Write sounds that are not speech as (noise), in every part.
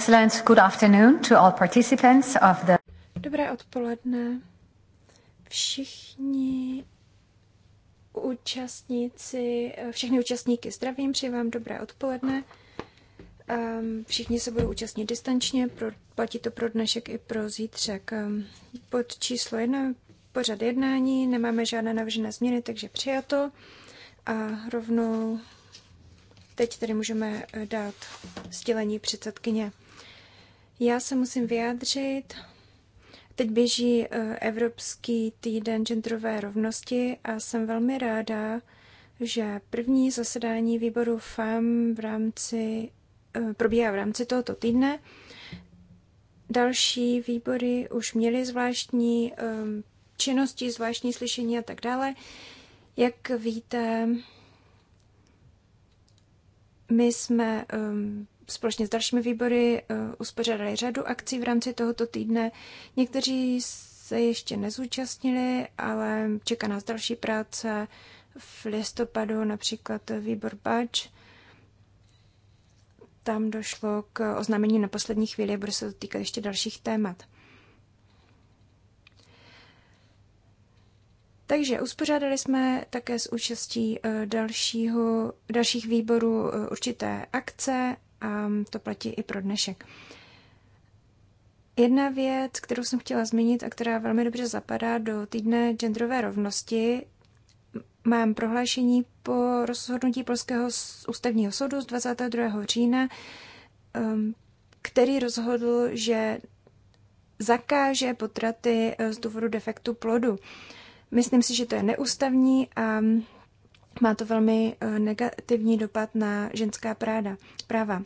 Excellent. Good afternoon to all participants of the... Dobré odpoledne. Všichni účastníci, všechny účastníky zdravím, přeji vám dobré odpoledne. Ehm, všichni se budou účastnit distančně, pro, platí to pro dnešek i pro zítřek. Ehm, pod číslo jedna, pořad jednání, nemáme žádné navržené změny, takže přijato. A rovnou teď tady můžeme dát sdělení předsedkyně. Já se musím vyjádřit. Teď běží eh, Evropský týden genderové rovnosti a jsem velmi ráda, že první zasedání výboru FAM v rámci, eh, probíhá v rámci tohoto týdne. Další výbory už měly zvláštní eh, činnosti, zvláštní slyšení a tak dále. Jak víte, my jsme společně s dalšími výbory eh, uspořádali řadu akcí v rámci tohoto týdne. Někteří se ještě nezúčastnili, ale čeká nás další práce v listopadu, například výbor Bač. Tam došlo k oznámení na poslední chvíli a bude se to týkat ještě dalších témat. Takže uspořádali jsme také s účastí eh, dalšího, dalších výborů eh, určité akce a to platí i pro dnešek. Jedna věc, kterou jsem chtěla zmínit a která velmi dobře zapadá do týdne genderové rovnosti, mám prohlášení po rozhodnutí Polského ústavního soudu z 22. října, um, který rozhodl, že zakáže potraty eh, z důvodu defektu plodu. Myslím si, že to je neústavní a má to velmi eh, negativní dopad na ženská práda, práva.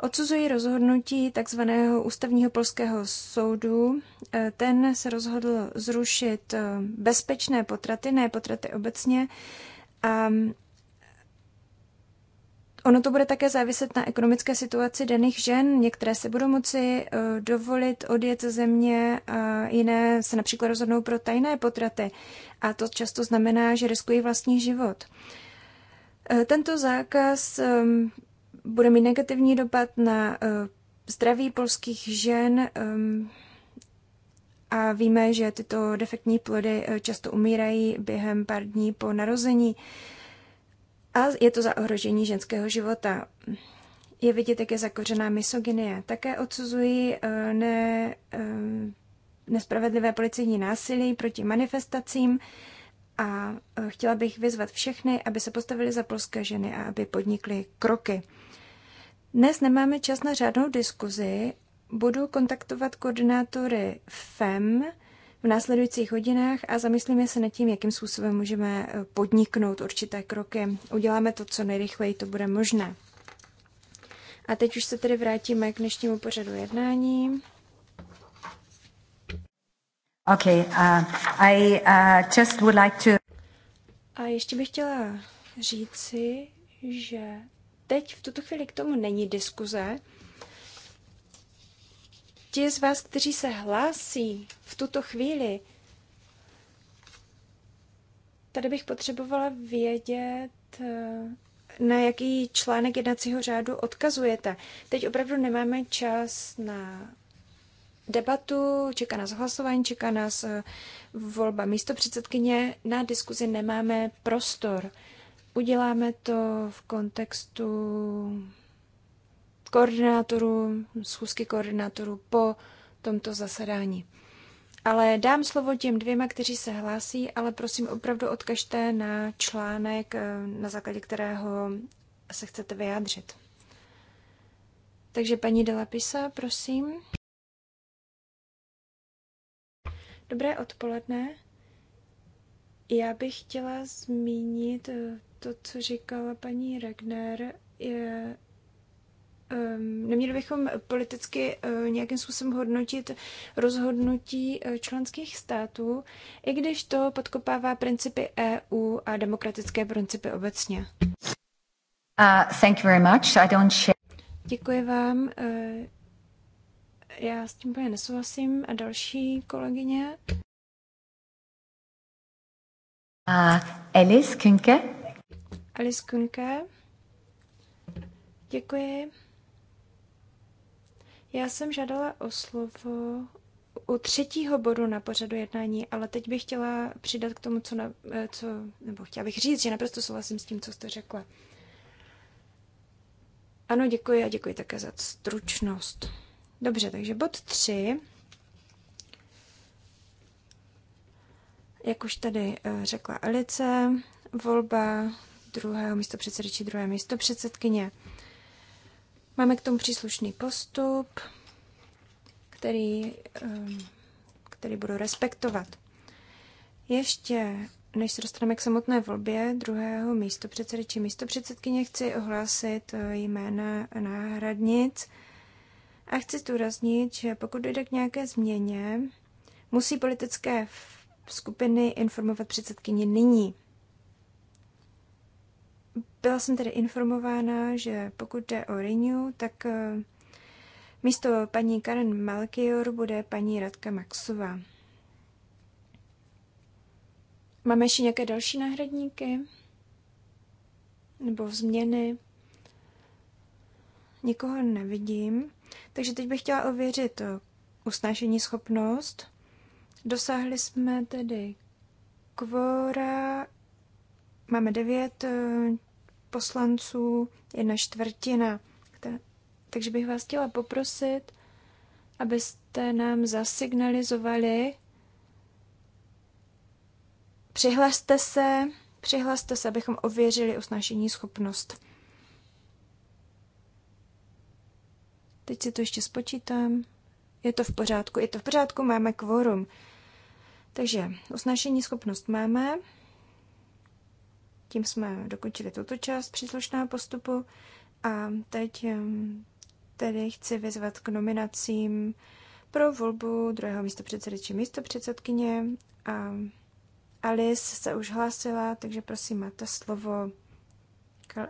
Odsuzuji rozhodnutí tzv. ústavního polského soudu. Eh, ten se rozhodl zrušit eh, bezpečné potraty, ne potraty obecně, a Ono to bude také záviset na ekonomické situaci daných žen. Některé se budou moci eh, dovolit odjet ze země, a jiné se například rozhodnou pro tajné potraty. A to často znamená, že riskují vlastní život. Eh, tento zákaz ehm, bude mít negativní dopad na eh, zdraví polských žen ehm, a víme, že tyto defektní plody často umírají během pár dní po narození. A je to za ohrožení ženského života. Je vidět, jak je zakořená misogynie. Také odsuzují eh, ne, eh, nespravedlivé policejní násilí proti manifestacím a eh, chtěla bych vyzvat všechny, aby se postavili za polské ženy a aby podnikly kroky. Dnes nemáme čas na žádnou diskuzi. Budu kontaktovat koordinátory FEM, v následujících hodinách a zamyslíme se nad tím, jakým způsobem můžeme eh, podniknout určité kroky. Uděláme to, co nejrychleji to bude možné. A teď už se tedy vrátíme k dnešnímu pořadu jednání. Okay, uh, I uh, just would like to... A ještě bych chtěla říci, že teď v tuto chvíli k tomu není diskuze, Ti z vás, kteří se hlásí v tuto chvíli, tady bych potřebovala vědět, eh, na jaký článek jednacího řádu odkazujete. Teď opravdu nemáme čas na debatu, čeká nás hlasování, čeká nás eh, volba místo předsedkyně. Na diskuzi nemáme prostor. Uděláme to v kontextu koordinátorů, schůzky koordinátorů po tomto zasedání. Ale dám slovo těm dvěma, kteří se hlásí, ale prosím opravdu odkažte na článek, eh, na základě kterého se chcete vyjádřit. Takže paní Delapisa, prosím. Dobré odpoledne. Já bych chtěla zmínit eh, to, co říkala paní Regner, je Ehm, neměli bychom politicky eh, nějakým způsobem hodnotit rozhodnutí eh, členských států, i když to podkopává principy EU a demokratické principy obecně. Uh, thank you very much. I don't share... Děkuji vám. Eh, já s tím úplně nesouhlasím. A další kolegyně? Uh, Alice Künke. Alice Künke. Děkuji. Já jsem žádala o slovo u třetího bodu na pořadu jednání, ale teď bych chtěla přidat k tomu, co, na, eh, co nebo chtěla bych říct, že naprosto souhlasím s tím, co jste řekla. Ano, děkuji a děkuji také za stručnost. Dobře, takže bod tři. Jak už tady eh, řekla Alice, volba druhého místo předsedy či druhé místo předsedkyně. Máme k tomu příslušný postup, který, ehm, který budu respektovat. Ještě než se dostaneme k samotné volbě druhého místo předsedy či předsedkyně, chci ohlásit eh, jména náhradnic a chci zdůraznit, že pokud dojde k nějaké změně, musí politické skupiny informovat předsedkyni nyní. Byla jsem tedy informována, že pokud jde o Renew, tak eh, místo paní Karen Malkior bude paní Radka Maxová. Máme ještě nějaké další náhradníky? Nebo změny? Nikoho nevidím. Takže teď bych chtěla ověřit eh, usnášení schopnost. Dosáhli jsme tedy kvora. Máme devět eh, poslanců, jedna čtvrtina. Takže bych vás chtěla poprosit, abyste nám zasignalizovali, přihlaste se, přihlaste se, abychom ověřili usnášení schopnost. Teď si to ještě spočítám. Je to v pořádku, je to v pořádku, máme kvorum. Takže usnášení schopnost máme. Tím jsme dokončili tuto část příslušného postupu a teď tedy chci vyzvat k nominacím pro volbu druhého místopředsedy či místopředsedkyně. A Alice se už hlásila, takže prosím, máte slovo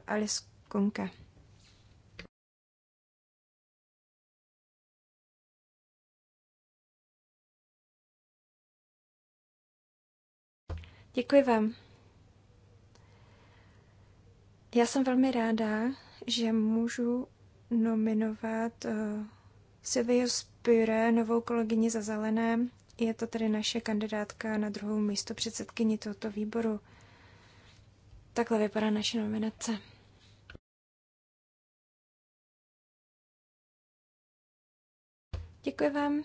Alice Kunke. Děkuji vám. Já jsem velmi ráda, že můžu nominovat uh, Silvio Spire, novou kolegyni za zelené. Je to tedy naše kandidátka na druhou místo předsedkyni tohoto výboru. Takhle vypadá naše nominace. Děkuji vám.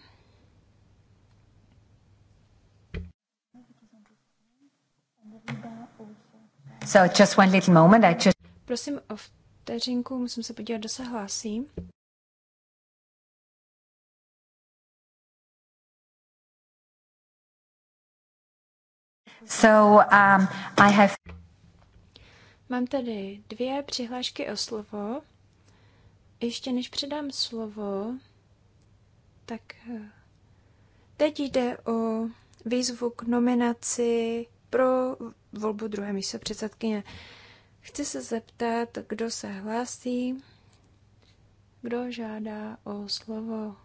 Dobrý den. So just one little moment, I just... Prosím o vteřinku, musím se podívat, kdo se hlásí. So, um, I have... Mám tady dvě přihlášky o slovo. Ještě než předám slovo, tak eh, teď jde o výzvu k nominaci pro volbu druhé místo předsedkyně. Chci se zeptat, kdo se hlásí, kdo žádá o slovo.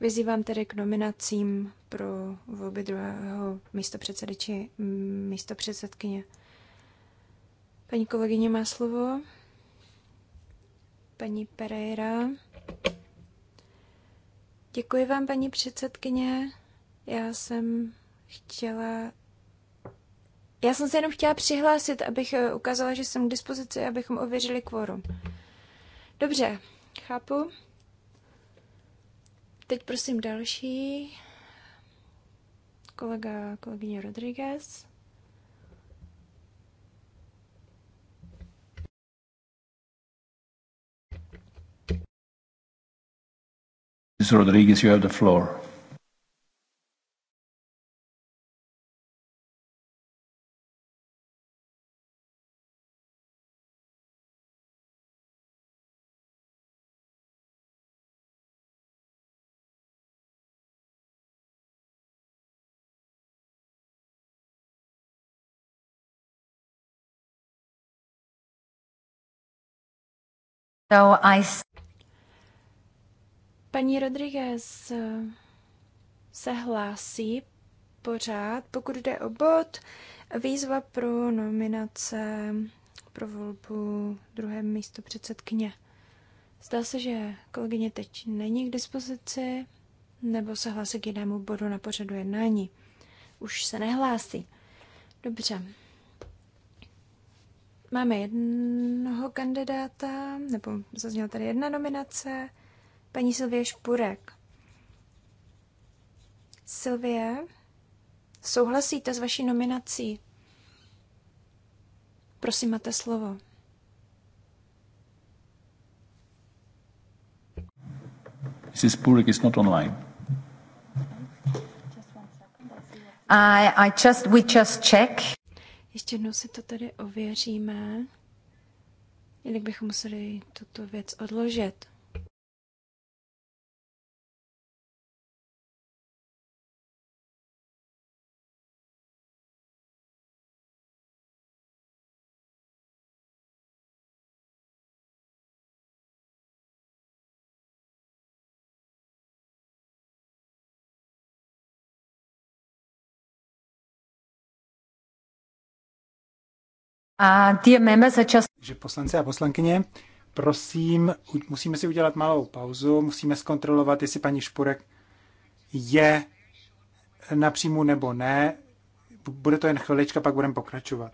Vyzývám tedy k nominacím pro volby druhého místo předsedy či předsedkyně. Paní kolegyně má slovo. Paní Pereira. Děkuji vám, paní předsedkyně. Já jsem chtěla... Já jsem se jenom chtěla přihlásit, abych eh, ukázala, že jsem k dispozici, abychom ověřili kvorum. Dobře, chápu. Teď prosím další. Kolega, kolegyně Rodriguez. Mr. Rodriguez, you have the floor. So I... Paní Rodriguez eh, se hlásí pořád, pokud jde o bod výzva pro nominace pro volbu druhé místo předsedkyně. Zdá se, že kolegyně teď není k dispozici, nebo se hlásí k jinému bodu na pořadu jednání. Už se nehlásí. Dobře, Máme jednoho kandidáta, nebo zazněla tady jedna nominace, paní Silvie Špurek. Silvie, souhlasíte s vaší nominací? Prosím, máte slovo. Mrs. Spurek is not online. I, I just, we just check. Ještě jednou si to tady ověříme, jinak bychom museli tuto věc odložit. A ty members, za čas... Že poslanci a poslankyně, prosím, musíme si udělat malou pauzu, musíme zkontrolovat, jestli paní Špurek je napřímu nebo ne. Bude to jen chvilička, pak budeme pokračovat.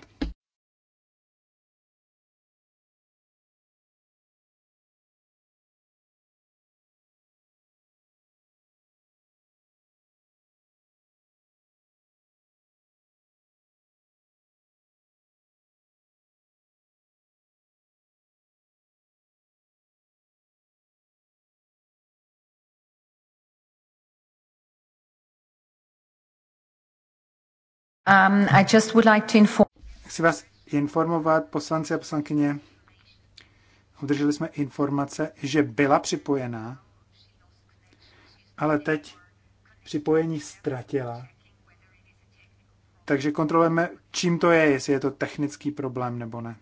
Um, Chci vás informovat, poslanci a poslankyně, obdrželi jsme informace, že byla připojená, ale teď připojení ztratila. Takže kontrolujeme, čím to je, jestli je to technický problém nebo ne.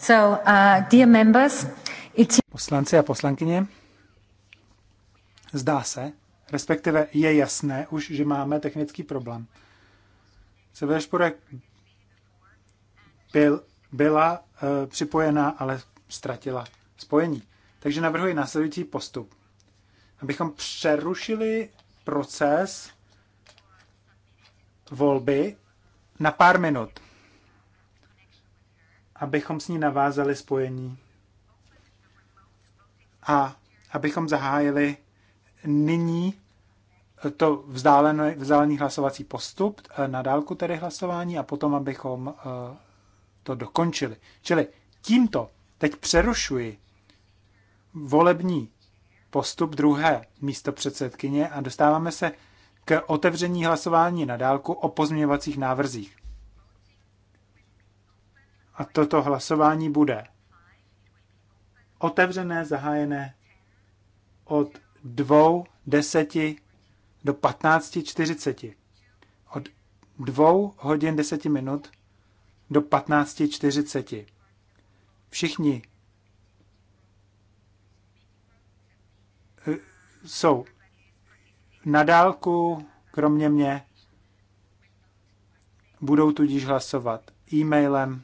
So, uh, dear members, it's... Poslanci a poslankyně, zdá se, respektive je jasné už, že máme technický problém. Severšporek byl, byla uh, eh, připojena, ale ztratila spojení. Takže navrhuji následující postup. Abychom přerušili proces volby na pár minut abychom s ní navázali spojení a abychom zahájili nyní to vzdálený, vzdálený hlasovací postup, eh, na dálku tedy hlasování a potom, abychom eh, to dokončili. Čili tímto teď přerušuji volební postup druhé místo předsedkyně a dostáváme se k otevření hlasování na dálku o pozměňovacích návrzích. A toto hlasování bude otevřené, zahájené od 2.10 do 15.40. Od 2 hodin 10 minut do 15.40. Všichni eh, jsou na dálku, kromě mě, budou tudíž hlasovat e-mailem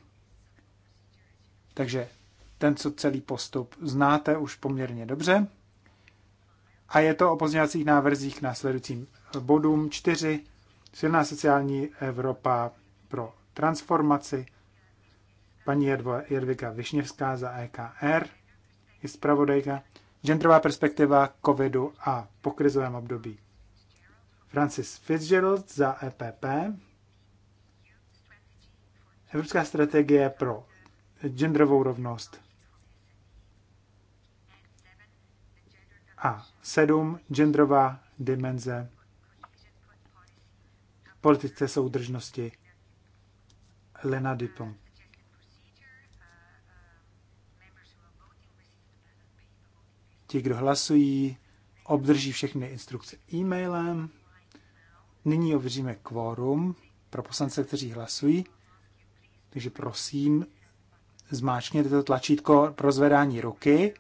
takže ten co celý postup znáte už poměrně dobře. A je to o pozměňovacích návrzích k následujícím bodům 4. Silná sociální Evropa pro transformaci. Paní Jedvika Višněvská za EKR je zpravodajka. Genderová perspektiva covidu a krizovém období. Francis Fitzgerald za EPP. Evropská strategie pro genderovou rovnost. A sedm genderová dimenze politické soudržnosti Lena Dupont. Ti, kdo hlasují, obdrží všechny instrukce e-mailem. Nyní ověříme kvórum pro poslance, kteří hlasují. Takže prosím, zmáčkněte to tlačítko pro zvedání ruky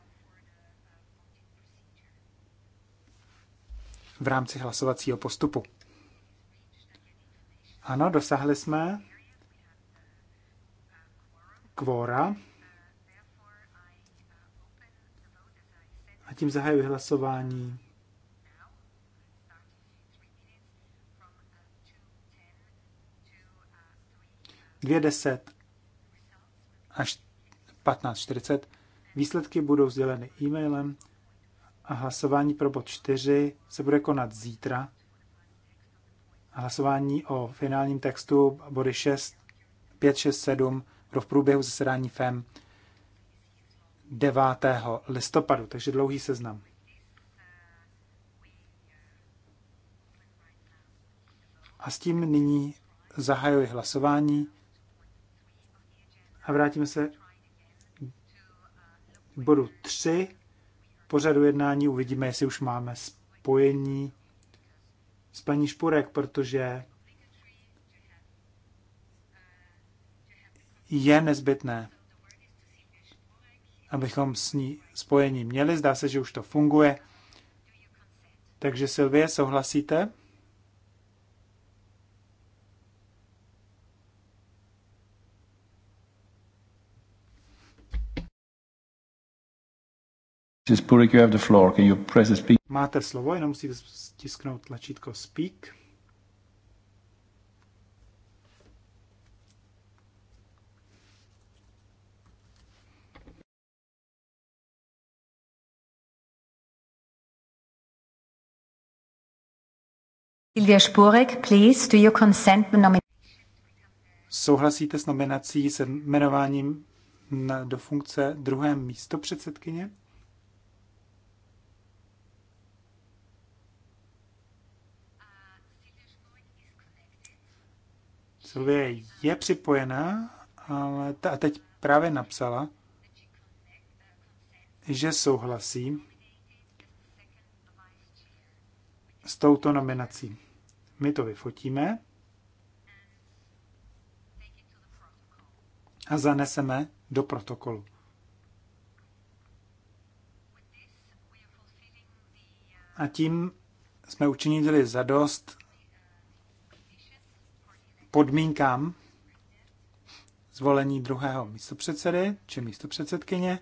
v rámci hlasovacího postupu. Ano, dosáhli jsme kvóra. A tím zahajuji hlasování. Dvě deset až 15.40. Výsledky budou sděleny e-mailem a hlasování pro bod 4 se bude konat zítra. Hlasování o finálním textu body 6, 5, 6, 7 pro v průběhu zasedání FEM 9. listopadu, takže dlouhý seznam. A s tím nyní zahajuji hlasování. A vrátíme se k bodu 3. Pořadu jednání uvidíme, jestli už máme spojení s paní Špurek, protože je nezbytné, abychom s ní spojení měli. Zdá se, že už to funguje. Takže Silvie, souhlasíte? Mrs. you have the floor. Can you press the speak? Máte slovo, jenom musíte stisknout tlačítko speak. Silvia Spurek, please, do you consent the nomination? Souhlasíte s nominací se jmenováním na, do funkce druhé místo předsedkyně? Sylvie je připojená, ale ta, a teď právě napsala, že souhlasí s touto nominací. My to vyfotíme a zaneseme do protokolu. A tím jsme učinili zadost podmínkám zvolení druhého místopředsedy či místopředsedkyně.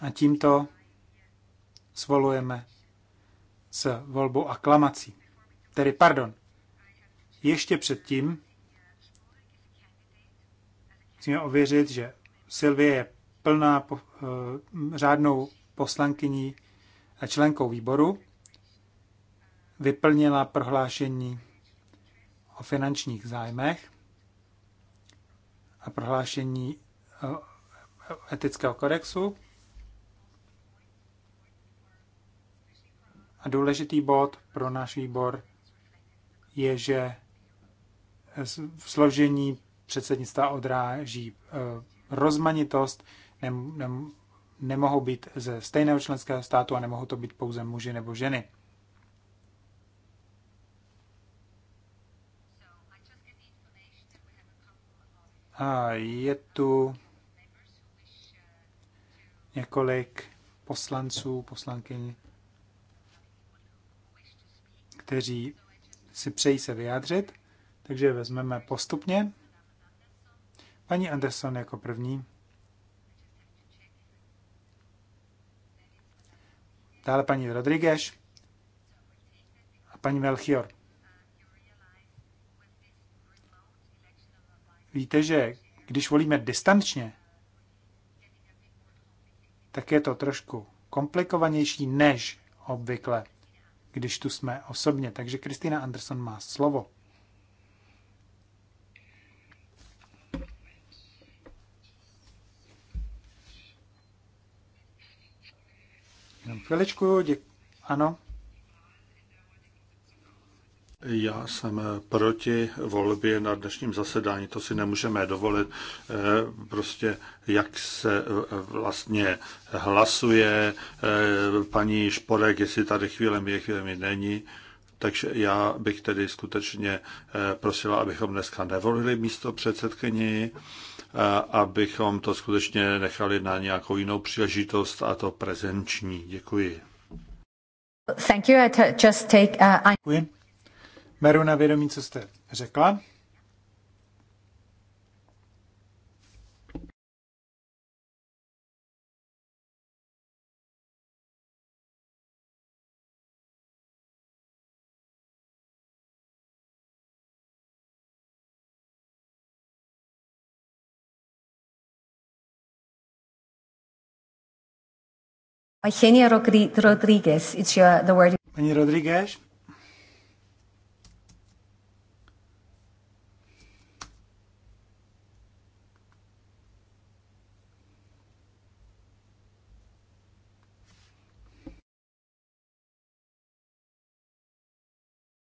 A tímto svolujeme s volbou aklamací. Tedy, pardon, ještě předtím musíme ověřit, že Sylvie je plná eh, řádnou poslankyní a členkou výboru, vyplnila prohlášení o finančních zájmech a prohlášení eh, etického kodexu. A důležitý bod pro náš výbor je, že v složení předsednictva odráží eh, rozmanitost nem, nem, nemohou být ze stejného členského státu a nemohou to být pouze muži nebo ženy. A je tu několik poslanců, poslankyň, kteří si přejí se vyjádřit, takže vezmeme postupně. Paní Anderson jako první. Dále paní Rodriguez a paní Melchior. Víte, že když volíme distančně, tak je to trošku komplikovanější než obvykle, když tu jsme osobně. Takže Kristina Anderson má slovo. Chviličku, děkuji. Ano. Já jsem proti volbě na dnešním zasedání, to si nemůžeme dovolit. Eh, prostě jak se eh, vlastně hlasuje eh, paní Šporek, jestli tady chvílemi je, mi není. Takže já bych tedy skutečně prosila, abychom dneska nevolili místo předsedkyni, abychom to skutečně nechali na nějakou jinou příležitost a to prezenční. Děkuji. Thank you. I just take, uh, I... Děkuji. Beru na vědomí, co jste řekla. Eugenia Rodriguez, it's your, the word. Paní Rodriguez.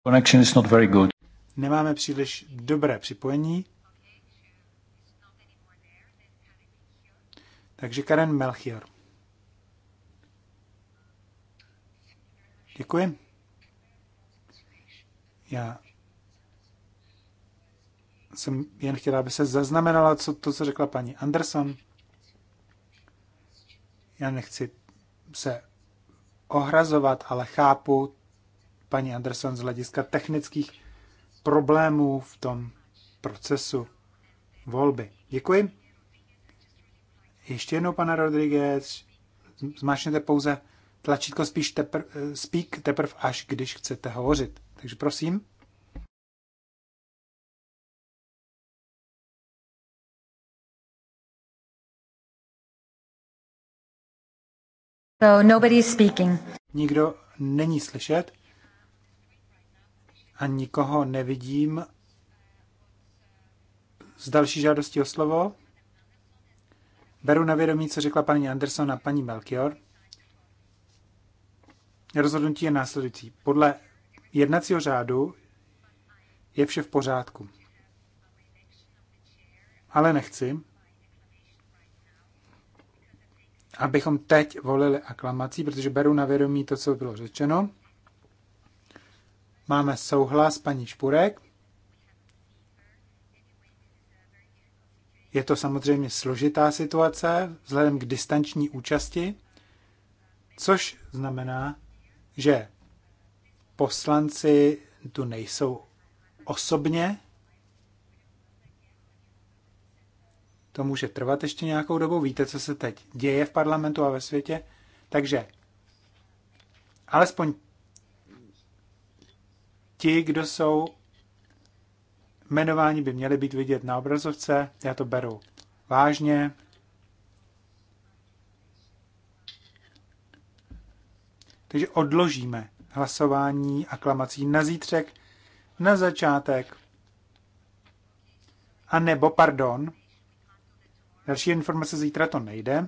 Connection is not very good. Nemáme příliš dobré připojení. Takže Karen Melchior. Děkuji. Já jsem jen chtěla, aby se zaznamenala co, to, co řekla paní Anderson. Já nechci se ohrazovat, ale chápu paní Anderson z hlediska technických problémů v tom procesu volby. Děkuji. Ještě jednou, pana Rodriguez, zmášněte pouze tlačítko spíš tepr, speak teprve až, když chcete hovořit. Takže prosím. So is speaking. Nikdo není slyšet a nikoho nevidím z další žádosti o slovo. Beru na vědomí, co řekla paní Anderson a paní Melchior rozhodnutí je následující. Podle jednacího řádu je vše v pořádku. Ale nechci, abychom teď volili aklamací, protože beru na vědomí to, co bylo řečeno. Máme souhlas paní Špurek. Je to samozřejmě složitá situace vzhledem k distanční účasti, což znamená, že poslanci tu nejsou osobně. To může trvat ještě nějakou dobu. Víte, co se teď děje v parlamentu a ve světě. Takže alespoň ti, kdo jsou jmenováni, by měli být vidět na obrazovce. Já to beru vážně. Takže odložíme hlasování aklamací na zítřek, na začátek. A nebo, pardon, další informace zítra to nejde,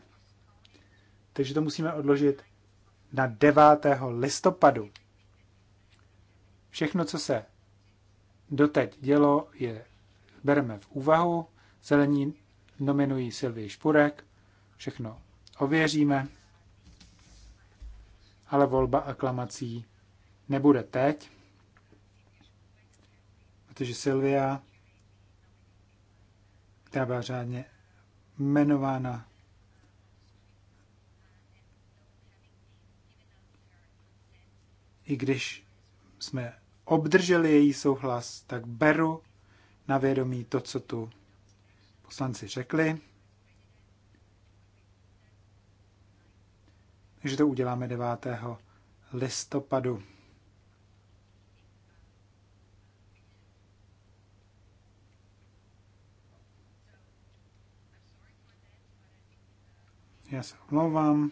takže to musíme odložit na 9. listopadu. Všechno, co se doteď dělo, je bereme v úvahu. Zelení nominují Silvii Špurek, všechno ověříme ale volba aklamací nebude teď, protože Silvia, která byla řádně jmenována i když jsme obdrželi její souhlas, tak beru na vědomí to, co tu poslanci řekli. že to uděláme 9. listopadu. Já se omlouvám.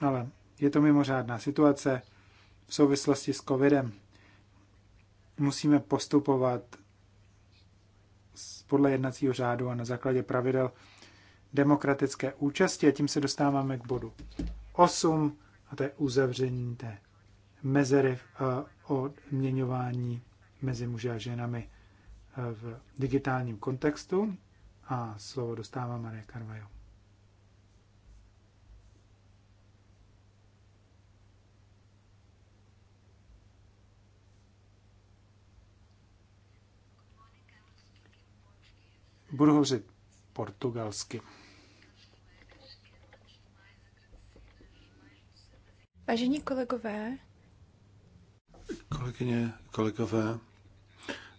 Ale je to mimořádná situace v souvislosti s covidem. Musíme postupovat podle jednacího řádu a na základě pravidel, demokratické účasti. A tím se dostáváme k bodu 8, a to je uzavření té mezery v eh, odměňování mezi muži a ženami eh, v digitálním kontextu. A slovo dostává Marie Carvajo. Budu hovořit portugalsky. Vážení kolegové, Kolegyně, kolegové,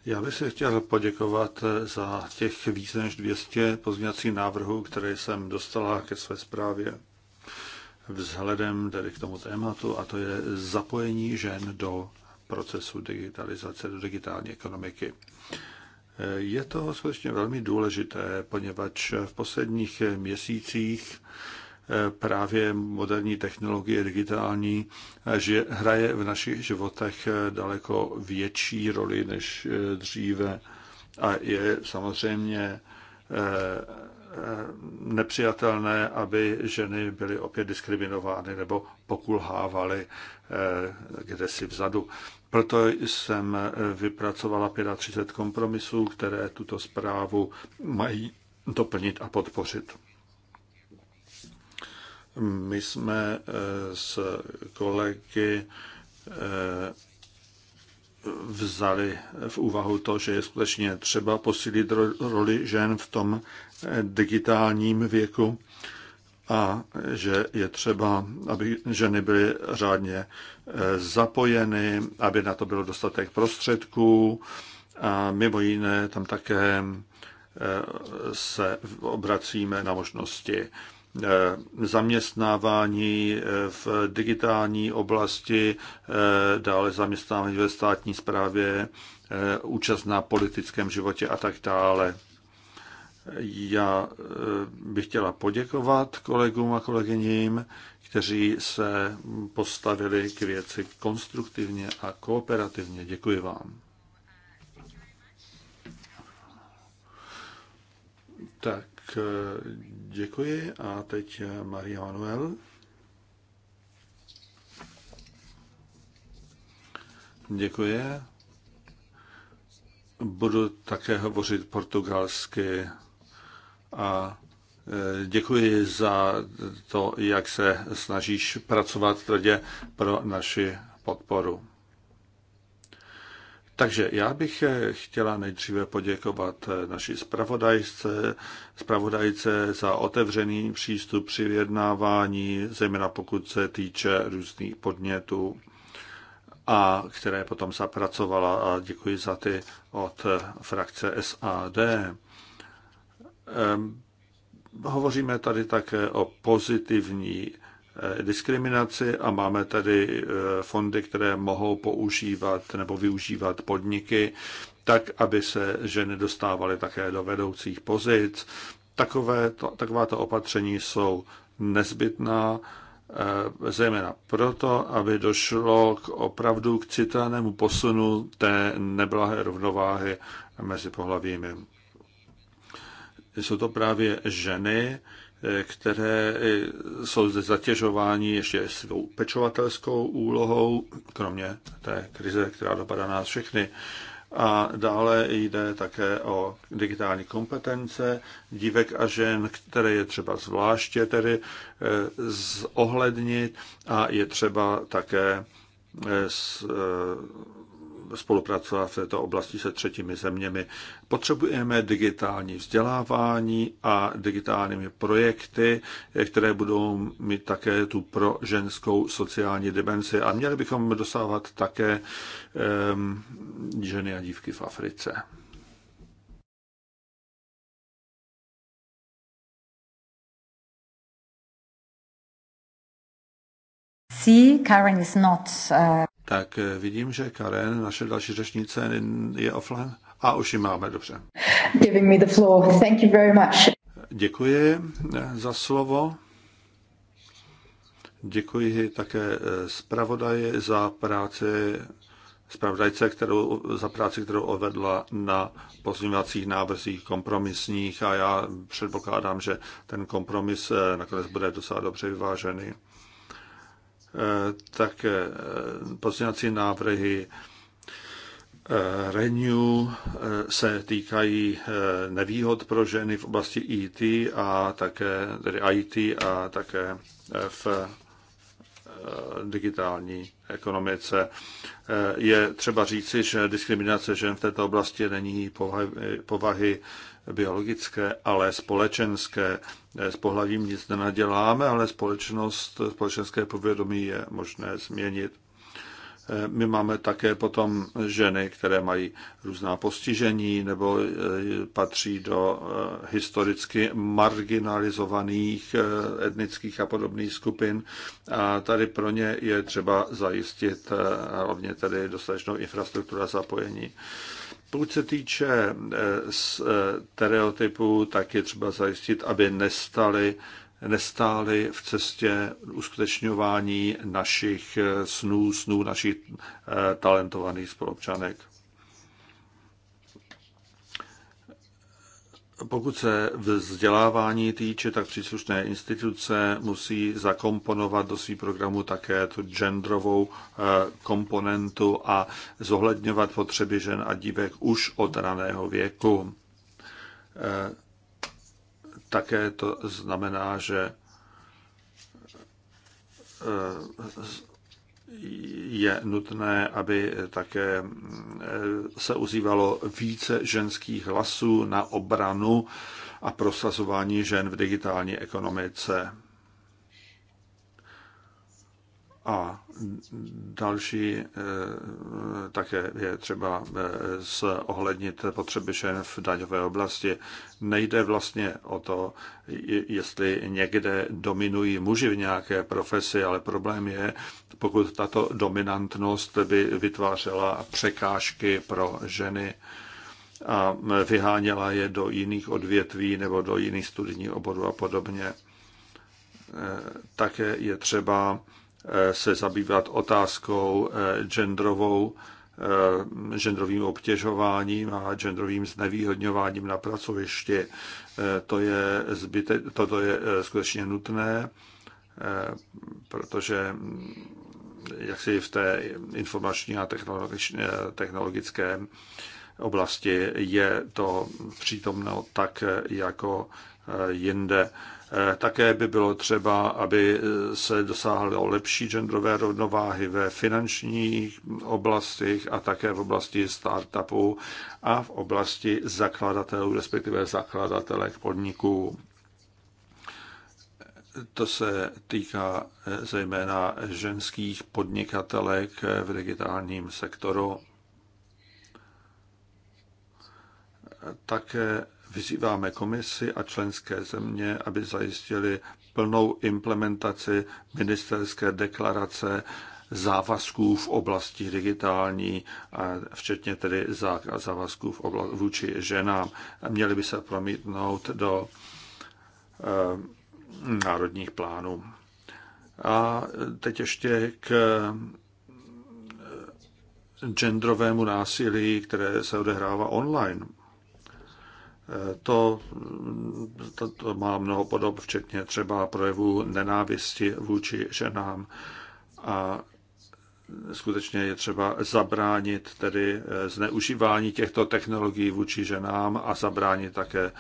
já bych se chtěl poděkovat za těch více než 200 pozměňovacích návrhů, které jsem dostala ke své zprávě vzhledem tedy k tomu tématu, a to je zapojení žen do procesu digitalizace, do digitální ekonomiky. Je to skutečně velmi důležité, poněvadž v posledních měsících právě moderní technologie digitální, eh, že hraje v našich životech eh, daleko větší roli než eh, dříve a je samozřejmě nepřijatelné, aby ženy byly opět diskriminovány nebo pokulhávaly kde si vzadu. Proto jsem vypracovala 35 kompromisů, které tuto zprávu mají doplnit a podpořit. My jsme eh, s kolegy eh, vzali v úvahu to, že je skutečně třeba posílit roli žen v tom eh, digitálním věku a že je třeba, aby ženy byly řádně zapojeny, aby na to bylo dostatek prostředků. A mimo jiné tam také se obracíme na možnosti Eh, zaměstnávání eh, v digitální oblasti, eh, dále zaměstnávání ve státní správě, účast na politickém životě a tak dále. Já bych chtěla poděkovat kolegům a kolegyním, kteří se postavili k věci konstruktivně a kooperativně. Děkuji vám. Tak eh, děkuji a teď eh, Maria Manuel. Děkuji. Budu také hovořit portugalsky a eh, děkuji za to, jak se snažíš pracovat tvrdě pro naši podporu. Takže já bych eh, chtěla nejdříve poděkovat eh, naší zpravodajce, zpravodajce za otevřený přístup při vyjednávání, zejména pokud se týče různých podnětů, a které potom zapracovala a děkuji za ty od eh, frakce SAD. Ehm, hovoříme tady také o pozitivní Eh, diskriminaci a máme tady eh, fondy, které mohou používat nebo využívat podniky tak, aby se ženy dostávaly také do vedoucích pozic. Takové to, takováto opatření jsou nezbytná, eh, zejména proto, aby došlo k opravdu k citelnému posunu té neblahé rovnováhy mezi pohlavími. Jsou to právě ženy, které eh, jsou zde zatěžováni ještě svou pečovatelskou úlohou, kromě té krize, která dopadá na nás všechny. A dále jde také o digitální kompetence dívek a žen, které je třeba zvláště tedy eh, zohlednit a je třeba také eh, spolupracovat v této oblasti se třetími zeměmi. Potřebujeme digitální vzdělávání a digitálními projekty, které budou mít také tu pro ženskou sociální dimenzi. A měli bychom dosávat také um, ženy a dívky v Africe. see Karen is not... Uh... Tak eh, vidím, že Karen, naše další řečnice, je offline. A už ji máme, dobře. Giving me the floor. Thank you very much. Děkuji eh, za slovo. Děkuji také zpravodaji za práci zpravodajce, kterou, za práci, kterou ovedla na pozměňovacích návrzích kompromisních a já předpokládám, že ten kompromis nakonec bude docela dobře vyvážený. Eh, tak eh, pozměňovací návrhy eh, Renew se týkají nevýhod pro ženy v oblasti IT e a také, tedy IT a také v digitální ekonomice. Je třeba říci, že diskriminace žen v této oblasti není povahy, povahy biologické, ale společenské. S pohlavím nic nenaděláme, ale společnost, společenské povědomí je možné změnit. My máme také potom ženy, které mají různá postižení nebo eh, patří do eh, historicky marginalizovaných eh, etnických a podobných skupin. A tady pro ně je třeba zajistit hlavně tedy dostatečnou infrastrukturu a zapojení. Pokud se týče eh, eh, stereotypů, tak je třeba zajistit, aby nestali, nestály v cestě uskutečňování našich eh, snů, snů našich talentovaných spolupčanek. Pokud se vzdělávání týče, tak příslušné instituce musí zakomponovat do svých programu také tu genderovou eh, komponentu a zohledňovat potřeby žen a dívek už od raného věku. Eh, také to znamená, že eh, je nutné, aby také eh, se uzývalo více ženských hlasů na obranu a prosazování žen v digitální ekonomice. A další eh, také je třeba eh, ohlednit potřeby žen v daňové oblasti. Nejde vlastně o to, jestli někde dominují muži v nějaké profesi, ale problém je, pokud tato dominantnost by vytvářela překážky pro ženy a vyháněla je do jiných odvětví nebo do jiných studijních oborů a podobně. Eh, také je třeba Eh, se zabývat otázkou eh, genderovou, eh, genderovým obtěžováním a genderovým znevýhodňováním na pracovišti. To je, zbyte, toto je skutečně nutné, protože hm, jak si v té informační a technologické oblasti je to přítomno tak jako jinde. Eh, také by bylo třeba, aby eh, se dosáhlo lepší genderové rovnováhy ve finančních oblastech a také v oblasti startupů a v oblasti zakladatelů, respektive zakladatelek podniků. To se týká eh, zejména ženských podnikatelek v digitálním sektoru. Také Vyzýváme komisi a členské země, aby zajistili plnou implementaci ministerské deklarace závazků v oblasti digitální, včetně tedy závazků v oblasti, vůči ženám. Měly by se promítnout do eh, národních plánů. A teď ještě k eh, genderovému násilí, které se odehrává online to, to, to má mnoho podob, včetně třeba projevu nenávisti vůči ženám. A skutečně je třeba zabránit tedy zneužívání těchto technologií vůči ženám a zabránit také eh,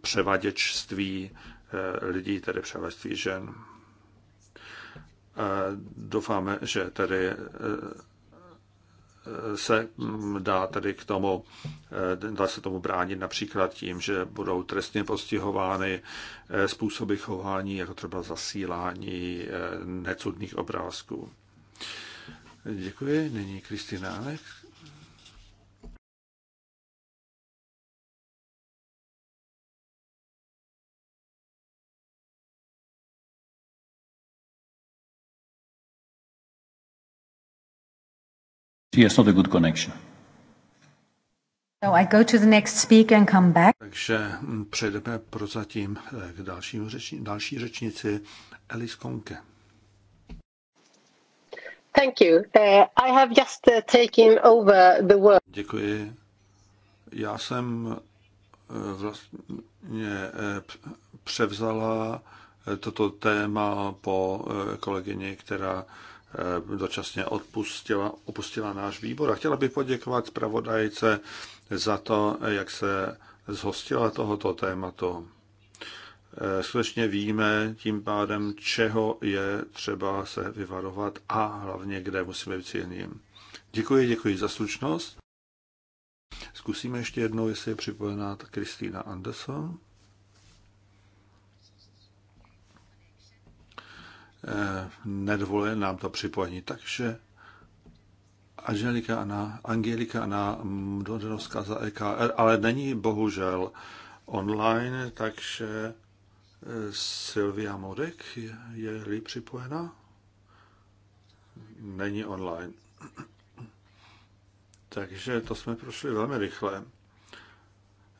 převaděčství eh, lidí, tedy převaděčství žen. Doufáme, že tedy eh, se mm, dá tedy k tomu, eh, dá se tomu bránit například tím, že budou trestně postihovány eh, způsoby chování, jako třeba zasílání eh, necudných obrázků. Děkuji. Nyní Kristýna Alex. Yes, not a good connection. So I go to the next speaker and come back. Takže mm, přejdeme prozatím eh, k dalšímu řeči, další řečnici Elis Konke. Thank you. Uh, I have just uh, taken over the work. Děkuji. Já jsem uh, vlastně uh, převzala uh, toto téma po uh, kolegyni, která uh, Eh, dočasně odpustila, opustila náš výbor. A chtěla bych poděkovat zpravodajce za to, jak se zhostila tohoto tématu. Eh, skutečně víme tím pádem, čeho je třeba se vyvarovat a hlavně, kde musíme být jiným. Děkuji, děkuji za slučnost. Zkusíme ještě jednou, jestli je připojená Kristýna Anderson. Eh, nedovoluje nám to připojení. Takže Angelika Anna, Angelika Anna Mdodrovská za EKR, ale není bohužel online, takže eh, Silvia Modek je je připojena? Není online. (clears throat) Takže to jsme prošli velmi rychle.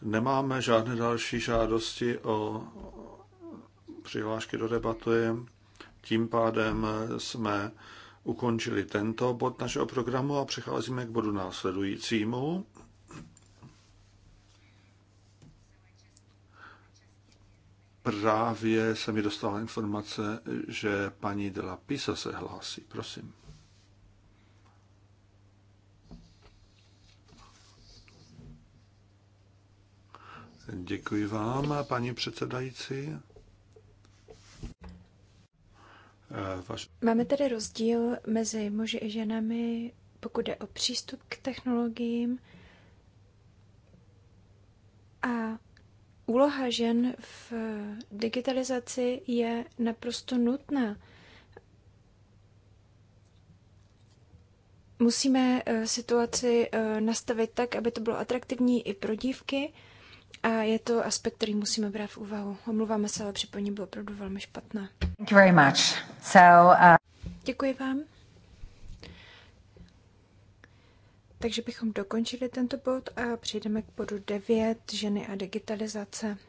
Nemáme žádné další žádosti o přihlášky do debaty, tím pádem jsme ukončili tento bod našeho programu a přecházíme k bodu následujícímu. Právě se mi dostala informace, že paní de la Pisa se hlásí. Prosím. Děkuji vám, paní předsedající. Vaš... Máme tedy rozdíl mezi muži i ženami, pokud jde o přístup k technologiím a úloha žen v digitalizaci je naprosto nutná. Musíme eh, situaci eh, nastavit tak, aby to bylo atraktivní i pro dívky, a je to aspekt, který musíme brát v úvahu. Omluváme se, ale připojení bylo opravdu velmi špatné. Thank you very much. So, uh... Děkuji vám. Takže bychom dokončili tento bod a přejdeme k bodu 9, ženy a digitalizace.